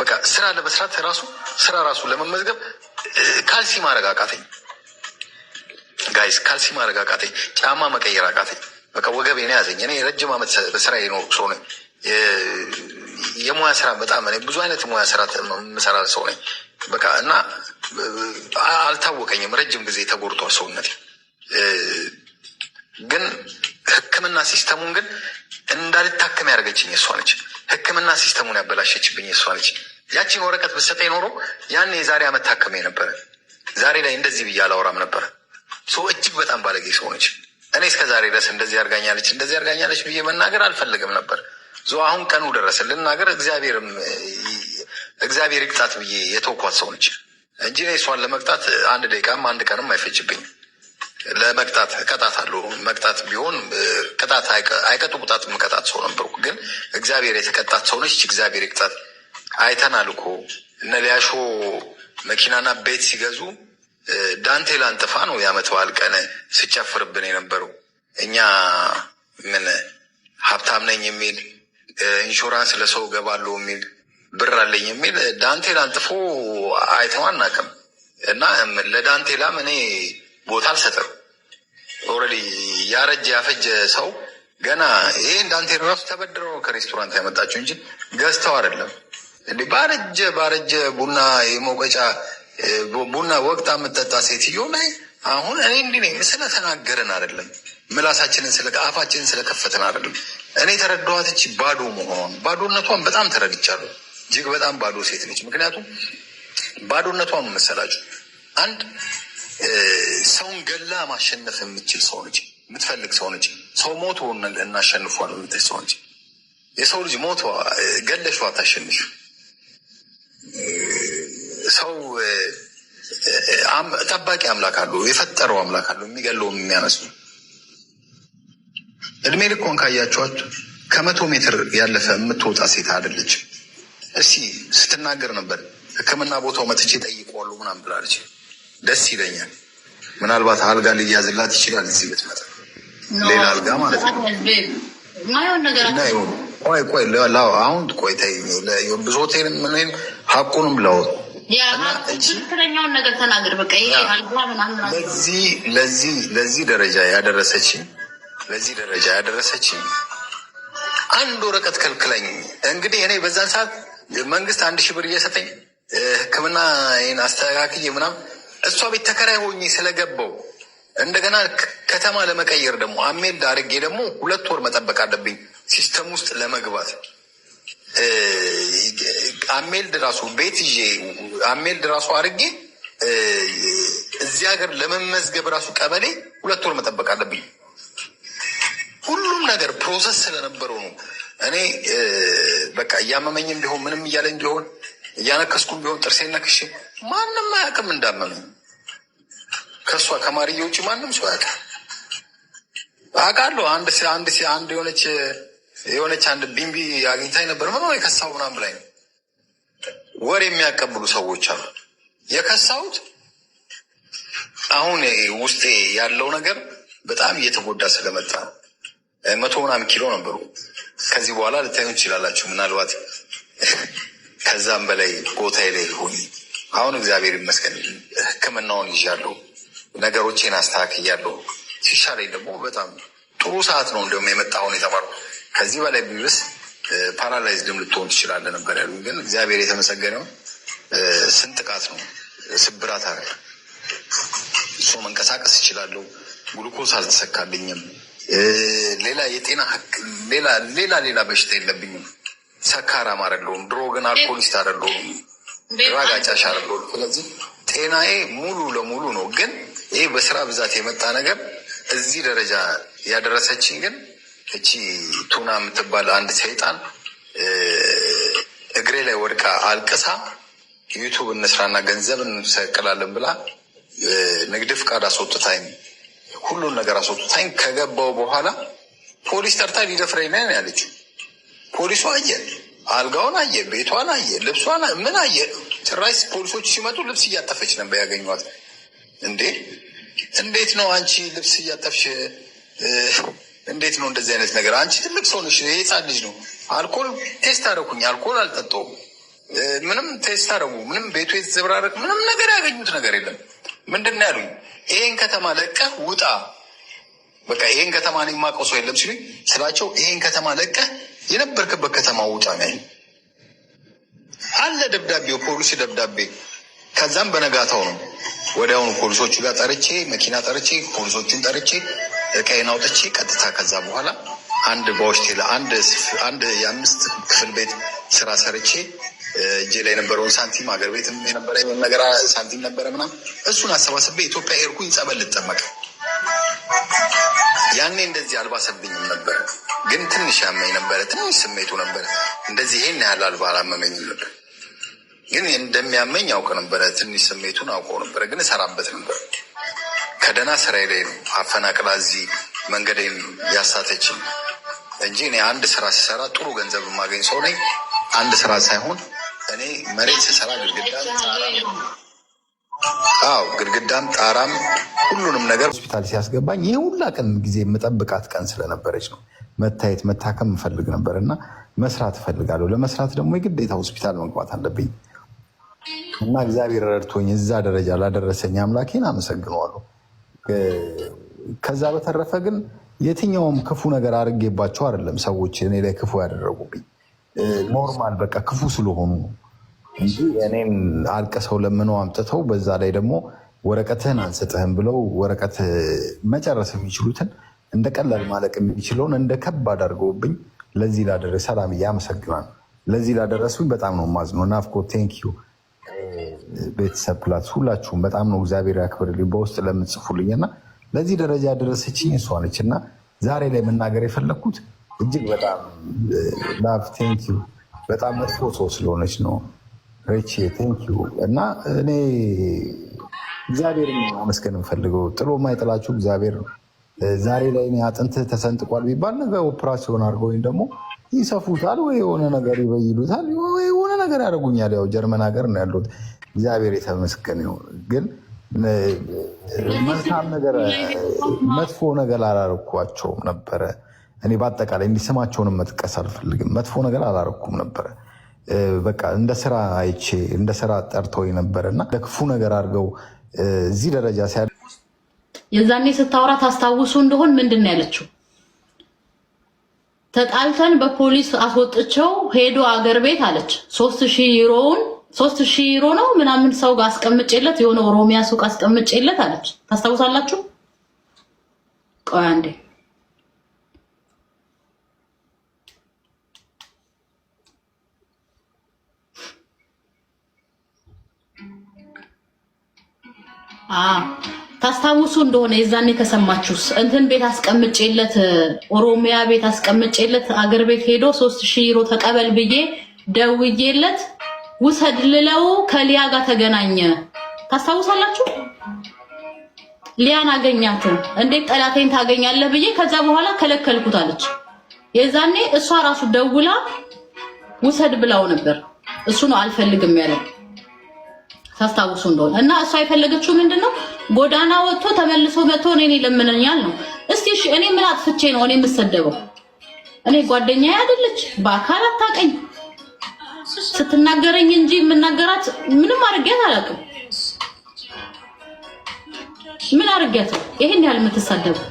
በቃ ስራ ለመስራት ራሱ ስራ ራሱ ለመመዝገብ ካልሲ ማድረግ አቃተኝ። ጋይስ ካልሲ ማድረግ አቃተኝ። ጫማ መቀየር አቃተኝ። በቃ ወገቤ ያዘኝ። እኔ ረጅም ዓመት በስራ የኖርኩ ሰው ነኝ። የሙያ ስራ በጣም እኔ ብዙ አይነት ሙያ ስራ የምሰራ ሰው ነኝ። በቃ እና አልታወቀኝም። ረጅም ጊዜ ተጎድቷል ሰውነት ግን ህክምና ሲስተሙን ግን እንዳልታከም ያደርገችኝ እሷ ነች። ህክምና ሲስተሙን ያበላሸችብኝ እሷ ነች። ያቺን ወረቀት ብሰጠኝ ኖሮ ያን የዛሬ ዓመት ታከመ ነበረ። ዛሬ ላይ እንደዚህ ብዬ አላወራም ነበረ። ሰው እጅግ በጣም ባለጌ ሰው ነች። እኔ እስከ ዛሬ ድረስ እንደዚህ አርጋኛለች፣ እንደዚህ አርጋኛለች ብዬ መናገር አልፈልግም ነበር። ዞ አሁን ቀኑ ደረሰ ልናገር። እግዚአብሔርም እግዚአብሔር ይቅጣት ብዬ የተውኳት ሰው ነች እንጂ እሷን ለመቅጣት አንድ ደቂቃም አንድ ቀንም አይፈጅብኝም። ለመቅጣት እቀጣታለሁ። መቅጣት ቢሆን ቅጣት አይቀጡ ቁጣት መቀጣት ሰው ነበርኩ፣ ግን እግዚአብሔር የተቀጣት ሰው ነች። እግዚአብሔር ይቅጣት። አይተናል እኮ እነ ሊያሾ መኪናና ቤት ሲገዙ ዳንቴ አንጥፋ ነው የዓመት በዓል ቀን የነበረው። እኛ ምን ሀብታም ነኝ የሚል ኢንሹራንስ ለሰው ገባለሁ የሚል ብር አለኝ የሚል ዳንቴል አንጥፎ አይተው አናውቅም። እና ለዳንቴላም እኔ ቦታ አልሰጠም። ኦልሬዲ ያረጀ ያፈጀ ሰው ገና ይሄ እንዳንተ ራሱ ተበድሮ ከሬስቶራንት ያመጣቸው እንጂ ገዝተው አይደለም። ባረጀ ባረጀ ቡና የመውቀጫ ቡና ወቅታ የምጠጣ ሴትዮ ላይ አሁን እኔ እንዲህ ነኝ ስለተናገርን አይደለም፣ ምላሳችንን ስለ አፋችንን ስለከፈትን አይደለም። እኔ ተረዳኋት እቺ ባዶ መሆኗን ባዶነቷን በጣም ተረድቻለሁ። እጅግ በጣም ባዶ ሴት ነች። ምክንያቱም ባዶነቷን መሰላችሁ አንድ ሰውን ገላ ማሸነፍ የምትችል ሰው ነች፣ የምትፈልግ ሰው ነች። ሰው ሞቶ እናሸንፏል የምትል ሰው ነች። የሰው ልጅ ሞቶ ገለሹ አታሸንሹ። ሰው ጠባቂ አምላክ አሉ የፈጠረው አምላክ አሉ፣ የሚገለው የሚያነሱ እድሜ ልኮን ካያቸዋት ከመቶ ሜትር ያለፈ የምትወጣ ሴት አይደለች። እስቲ ስትናገር ነበር ሕክምና ቦታው መጥቼ ጠይቀዋሉ ምናምን ብላለች። ደስ ይለኛል። ምናልባት አልጋ ሊያዝላት ይችላል እዚህ ብትመጣ ሌላ አልጋ ማለት ነው። ቆይ ቆይ አሁን ቆይ ብዙ ሆቴል ምንም ሀቁንም ለወጥ ለዚህ ለዚህ ለዚህ ደረጃ ያደረሰችኝ ለዚህ ደረጃ ያደረሰችኝ አንድ ወረቀት ከልክለኝ። እንግዲህ እኔ በዛን ሰዓት መንግስት አንድ ሺህ ብር እየሰጠኝ ሕክምና ይህን አስተካክዬ ምናምን እሷ ቤት ተከራይ ሆኜ ስለገባው እንደገና ከተማ ለመቀየር ደግሞ አሜል ዳርጌ ደግሞ ሁለት ወር መጠበቅ አለብኝ ሲስተም ውስጥ ለመግባት። አሜል ድራሱ ቤት ይዤ አሜል ድራሱ አርጌ እዚህ ሀገር ለመመዝገብ ራሱ ቀበሌ ሁለት ወር መጠበቅ አለብኝ። ሁሉም ነገር ፕሮሰስ ስለነበረው ነው። እኔ በቃ እያመመኝም ቢሆን ምንም እያለኝ ቢሆን እያነከስኩም ቢሆን ጥርሴ ነክሼ ማንም አያውቅም እንዳመመኝ ከእሷ ከማርዬ ውጭ ማንም ሰው ያውቃል። አውቃለሁ አንድ አንድ አንድ የሆነች የሆነች አንድ ቢንቢ አግኝታኝ ነበር። ምን ሆነ የከሳው ምናምን ብላኝ ወር የሚያቀብሉ ሰዎች አሉ። የከሳሁት አሁን ውስጤ ያለው ነገር በጣም እየተጎዳ ስለመጣ ነው። መቶ ምናምን ኪሎ ነበሩ። ከዚህ በኋላ ልታዩን ትችላላችሁ። ምናልባት ከዛም በላይ ቦታ ላይ ሆኝ አሁን እግዚአብሔር ይመስገን ሕክምናውን ይዣለሁ። ነገሮቼን አስተካክያለሁ። ሲሻለኝ ደግሞ በጣም ጥሩ ሰዓት ነው እንዲሁም የመጣሁን የተማሩ ከዚህ በላይ ቢብስ ፓራላይዝ ድም ልትሆን ትችላለህ ነበር ያሉ። ግን እግዚአብሔር የተመሰገነው ስንጥቃት ነው ስብራት አለ እሱ መንቀሳቀስ እችላለሁ። ግሉኮስ አልተሰካልኝም። ሌላ የጤና ሌላ ሌላ ሌላ በሽታ የለብኝም። ሰካራም አይደለሁም። ድሮ ግን አልኮሊስት አይደለሁም። ራጋጫሽ አይደለሁም። ስለዚህ ጤናዬ ሙሉ ለሙሉ ነው ግን ይሄ በስራ ብዛት የመጣ ነገር እዚህ ደረጃ ያደረሰችን ግን እቺ ቱና የምትባል አንድ ሰይጣን እግሬ ላይ ወድቃ አልቅሳ ዩቱብ እንስራና ገንዘብ እንሰቅላለን ብላ ንግድ ፍቃድ አስወጥታኝ ሁሉን ነገር አስወጥታኝ ከገባው በኋላ ፖሊስ ጠርታ ሊደፍረኝ ያለችው። ፖሊሱ አየ፣ አልጋውን አየ፣ ቤቷን አየ፣ ልብሷን ምን አየ። ጭራሽ ፖሊሶች ሲመጡ ልብስ እያጠፈች ነበር ያገኟት እንዴ እንዴት ነው አንቺ ልብስ እያጠፍሽ እንዴት ነው እንደዚህ አይነት ነገር? አንቺ ትልቅ ሰው ነሽ፣ የህፃን ልጅ ነው። አልኮል ቴስት አደረኩኝ፣ አልኮል አልጠጦ ምንም ቴስት አደረጉ፣ ምንም ቤቱ የተዘብራረቅ ምንም ነገር ያገኙት ነገር የለም። ምንድን ነው ያሉኝ? ይሄን ከተማ ለቀህ ውጣ፣ በቃ ይሄን ከተማ እኔ የማውቀው ሰው የለም ሲሉኝ ስላቸው፣ ይሄን ከተማ ለቀህ የነበርክበት ከተማ ውጣ ነው አለ ደብዳቤው፣ ፖሊሲ ደብዳቤ። ከዛም በነጋታው ነው ወዲያውኑ ፖሊሶቹ ጋር ጠርቼ መኪና ጠርቼ ፖሊሶቹን ጠርቼ እቃይን አውጥቼ ቀጥታ ከዛ በኋላ አንድ በውሽቴ አንድ የአምስት ክፍል ቤት ስራ ሰርቼ እጄ ላይ የነበረውን ሳንቲም አገር ቤትም የነበረ ነገር ሳንቲም ነበረ ምናምን እሱን አሰባስቤ ኢትዮጵያ ሄድኩኝ ጸበል ልጠመቅ። ያኔ እንደዚህ አልባሰብኝም ነበር፣ ግን ትንሽ ያመኝ ነበረ። ትንሽ ስሜቱ ነበር እንደዚህ ይሄን ያህል አልባ አላመመኝም ነበር። ግን እንደሚያመኝ አውቀ ነበረ። ትንሽ ስሜቱን አውቀው ነበረ። ግን እሰራበት ነበር። ከደህና ስራዬ ላይ ነው አፈናቅላ እዚህ መንገዴን ያሳተችኝ እንጂ እኔ አንድ ስራ ስሰራ ጥሩ ገንዘብ የማገኝ ሰው ነኝ። አንድ ስራ ሳይሆን እኔ መሬት ስሰራ ግድግዳም፣ አዎ ግድግዳም፣ ጣራም ሁሉንም ነገር ሆስፒታል ሲያስገባኝ ይህ ሁላ ቀን ጊዜ የምጠብቃት ቀን ስለነበረች ነው። መታየት መታከም እፈልግ ነበር እና መስራት እፈልጋለሁ። ለመስራት ደግሞ የግዴታ ሆስፒታል መግባት አለብኝ። እና እግዚአብሔር ረድቶኝ እዛ ደረጃ ላደረሰኝ አምላኬን አመሰግነዋለሁ። ከዛ በተረፈ ግን የትኛውም ክፉ ነገር አድርጌባቸው አይደለም ሰዎች እኔ ላይ ክፉ ያደረጉብኝ፣ ኖርማል በቃ ክፉ ስለሆኑ እንጂ እኔን አልቅሰው ለምነው አምጥተው በዛ ላይ ደግሞ ወረቀትህን አንሰጥህም ብለው ወረቀት መጨረስ የሚችሉትን እንደ ቀላል ማለቅ የሚችለውን እንደ ከባድ አድርገውብኝ ለዚህ ላደረሰ ሰላምዬ አመሰግናለሁ። ለዚህ ላደረሱኝ በጣም ነው ማዝነው ናፍቆ ቴንኪዩ ቤተሰብ ፕላስ ሁላችሁም በጣም ነው እግዚአብሔር ያክብርልኝ። በውስጥ ለምጽፉልኝ እና ለዚህ ደረጃ ደረሰችኝ እሷ ነች እና ዛሬ ላይ መናገር የፈለግኩት እጅግ በጣም ላቭ ቴንኪው በጣም መጥፎ ሰው ስለሆነች ነው ሬቼ ቴንኪው እና እኔ እግዚአብሔር ማመስገን የምፈልገው ጥሎ የማይጥላችሁ እግዚአብሔር። ዛሬ ላይ አጥንት ተሰንጥቋል ቢባል ነገ ኦፕራሲዮን አድርገው ወይም ደግሞ ይሰፉታል ወይ የሆነ ነገር ይበይሉታል ወይ የሆነ ነገር ያደርጉኛል። ያው ጀርመን ሀገር ነው ያሉት። እግዚአብሔር የተመስገን ይሁን። ግን መልካም ነገር መጥፎ ነገር አላረኳቸውም ነበረ። እኔ በአጠቃላይ እንዲህ መጥቀስ አልፈልግም። መጥፎ ነገር አላረኩም ነበረ። በቃ እንደ ስራ አይቼ እንደ ስራ ጠርተው ነበረ እና ለክፉ ነገር አድርገው እዚህ ደረጃ ሲያ የዛኔ ስታወራ ታስታውሱ እንደሆን ምንድን ነው ያለችው? ተጣልተን በፖሊስ አስወጥቸው ሄዶ አገር ቤት አለች። ሶስት ሺህ ዩሮውን ሶስት ሺህ ዩሮ ነው ምናምን ሰው ጋር አስቀምጬለት የሆነ ኦሮሚያ ሱቅ አስቀምጬለት አለች። ታስታውሳላችሁ? ቆይ አንዴ አ ታስታውሱ እንደሆነ የዛኔ ከሰማችሁስ እንትን ቤት አስቀምጬለት ኦሮሚያ ቤት አስቀምጬለት አገር ቤት ሄዶ ሶስት ሺህ ዩሮ ተቀበል ብዬ ደውዬለት ውሰድ ልለው ከሊያ ጋር ተገናኘ። ታስታውሳላችሁ? ሊያን አገኛት። እንዴት ጠላቴን ታገኛለህ ብዬ ከዛ በኋላ ከለከልኩት አለች። የዛኔ እሷ ራሱ ደውላ ውሰድ ብላው ነበር። እሱ ነው አልፈልግም ያለው። ታስታውሱ እንደሆነ እና እሷ የፈለገችው ምንድን ነው? ጎዳና ወጥቶ ተመልሶ መጥቶ እኔን ለምንኛል ነው። እስቲ እሺ፣ እኔ ምን አጥፍቼ ነው እኔ የምሰደበው? እኔ ጓደኛ አይደለች፣ በአካል አታውቀኝ ስትናገረኝ እንጂ የምናገራት ምንም አድርጊያት አላውቅም። ምን አድርጊያት ይሄን ያህል የምትሰደበው?